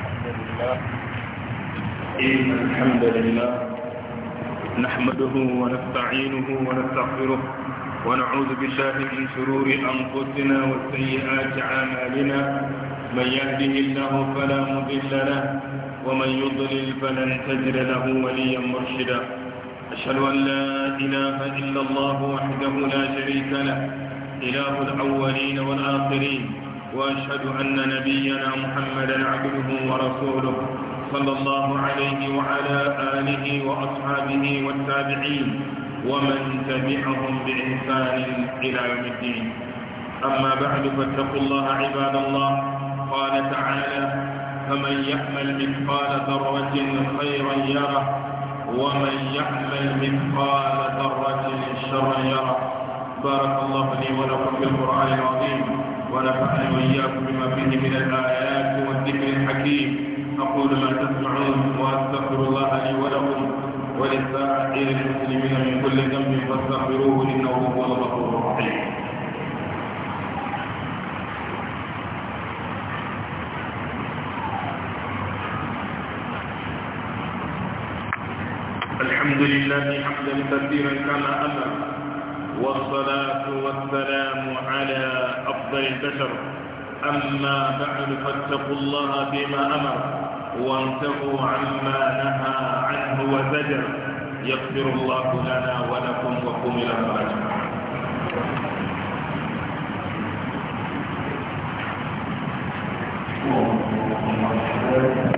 الحمد لله إن الحمد لله نحمده ونستعينه ونستغفره ونعوذ بالله من شرور أنفسنا وسيئات أعمالنا من يهده الله فلا مضل له ومن يضلل فلن تجد له وليا مرشدا أشهد أن لا إله إلا الله وحده لا شريك له إله الأولين والآخرين وأشهد أن نبينا محمدا عبده ورسوله صلى الله عليه وعلى آله وأصحابه والتابعين ومن تبعهم بإحسان إلى يوم الدين أما بعد فاتقوا الله عباد الله قال تعالى فمن يعمل مثقال ذرة خيرا يره ومن يعمل مثقال ذرة شرا يره بارك الله لي ولكم في القرآن العظيم ونفعني وإياكم بما فيه من الآيات والذكر الحكيم أقول ما تسمعون وأستغفر الله لي ولكم وللسائر المسلمين من كل ذنب فاستغفروه إنه هو الغفور الرحيم الحمد لله حمدا كثيرا كما أمر والصلاة والسلام أفضل البشر أما بعد فاتقوا الله فيما أمر وانتقوا عما نهى عنه وزجر يغفر الله لنا ولكم وكم إلى الله Thank you.